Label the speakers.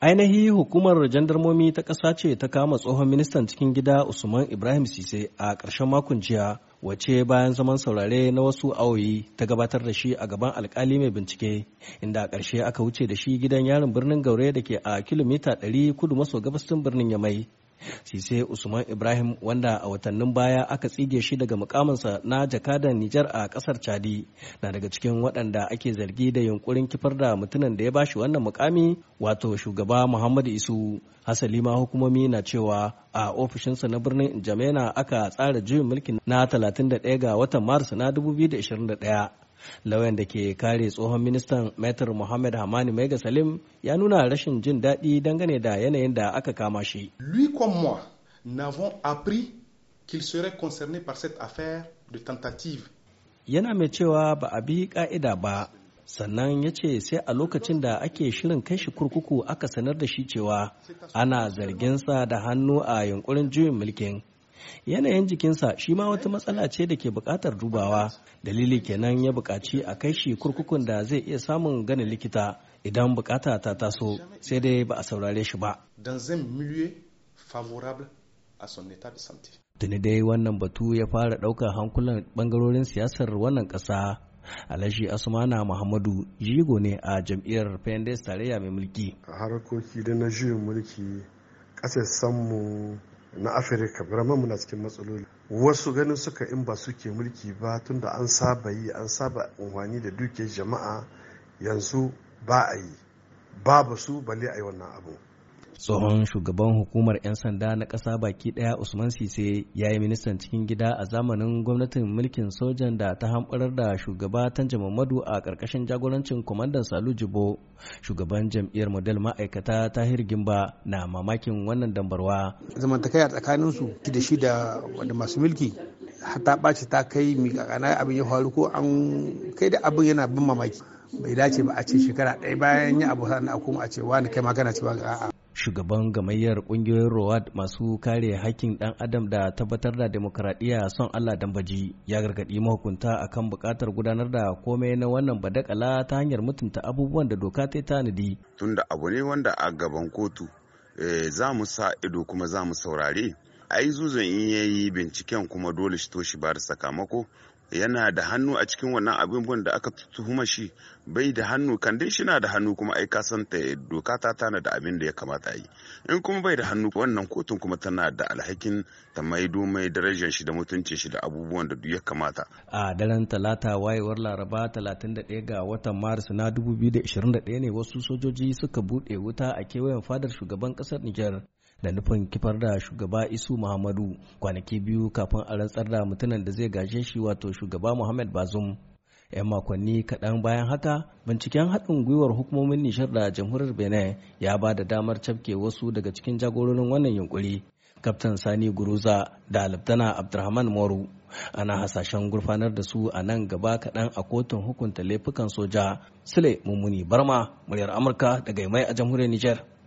Speaker 1: ainihi hukumar jandarmomi ta ƙasa ce ta kama tsohon ministan cikin gida usman ibrahim sise a ƙarshen makon jiya wace bayan zaman saurare na wasu awoyi ta gabatar da shi a gaban alkali mai bincike inda a ƙarshe aka wuce da shi gidan yarin birnin gaure da ke a kilomita 100 kudu maso gabasin birnin yamai sise usman ibrahim wanda a watannin baya aka tsige shi daga mukaminsa na jakadan nijar a kasar chadi na daga cikin waɗanda ake zargi da yunkurin kifar da mutumin da ya bashi wannan mukami wato shugaba muhammadu isu hasali ma hukumomi na cewa a ofishinsa na birnin jamena aka tsara juyin mulkin na 31 ga watan maris na 2021 lauyan da ke kare tsohon ministan metar Mohammed hamani maiga salim ya nuna rashin jin daɗi dangane da yanayin da aka kama shi
Speaker 2: lui comme moi n'avons appris qu'il serait concerné par cette
Speaker 1: yana mai cewa ba a bi ka'ida ba sannan ya ce sai a lokacin da ake shirin kai shi kurkuku aka sanar da shi cewa ana zargin sa da hannu a yunkurin juyin mulkin yanayin jikinsa shi ma wata matsala ce da ke buƙatar dubawa dalili kenan ya buƙaci a kai shi kurkukun da zai iya samun ganin likita idan buƙata ta taso sai dai ba a saurare shi ba tuni dai wannan batu ya fara ɗaukar hankulan ɓangarorin siyasar wannan ƙasa alhaji asumana muhammadu jigo ne a jam'iyyar pendes tarayya mai mulki harkoki
Speaker 2: da na mulki ƙasar mu. na afirka birman muna cikin matsaloli wasu ganin suka in ba suke mulki ba tunda an saba yi an saba unwani da duke jama'a yanzu ba a yi babu su bale a yi wannan abu
Speaker 1: tsohon shugaban hukumar 'yan sanda na kasa baki ɗaya usman sise ya yi ministan cikin gida a zamanin gwamnatin mulkin sojan da ta hamɓarar da shugaba tanja mamadu a ƙarƙashin jagorancin kwamandan salu jibo shugaban jam'iyyar model ma'aikata tahir gimba na mamakin wannan dambarwa zamantakaya tsakanin su da shi da wanda masu mulki ta ɓaci ta kai kakana abin ya faru ko an kai da abin yana bin mamaki bai dace ba a ce shekara ɗaya bayan ya abu sa'an a koma a ce wani kai ma kana cewa a'a shugaban gamayyar kungiyoyin rowad masu kare hakkin dan adam da tabbatar da demokradiyya son allah dambaji ya gargadi mahukunta akan bukatar gudanar da komai na wannan badakala ta hanyar mutunta abubuwan da doka ta tanadi
Speaker 2: tunda abu ne wanda a gaban kotu eh, za mu sa ido kuma za mu saurare ai zuzun in yayi binciken kuma dole shi to shi ba da sakamako yana da hannu a cikin wannan abubuwan da aka tuhuma shi bai da hannu kan dai shi na da hannu kuma ai ka san ta doka ta tana da abin da ya kamata yi in kuma bai da hannu wannan kotun kuma tana da alhakin ta maido mai darajar shi da mutuncin shi da abubuwan da duk ya kamata
Speaker 1: a daren talata wayewar laraba 31 ga watan maris na 2021 ne wasu sojoji suka bude wuta a kewayen fadar shugaban kasar Nijar da nufin kifar da shugaba isu muhammadu kwanaki biyu kafin a rantsar da mutumin da zai gaje shi wato shugaba muhammad bazum 'yan makonni kaɗan bayan haka binciken haɗin gwiwar hukumomin nishar da jamhuriyar benin ya ba da damar cafke wasu daga cikin jagororin wannan yunkuri kaftan sani guruza da laftana Abdurrahman moru ana hasashen gurfanar da su a nan gaba kaɗan a kotun hukunta laifukan soja sule mummuni barma muryar amurka daga mai a jamhuriyar nijar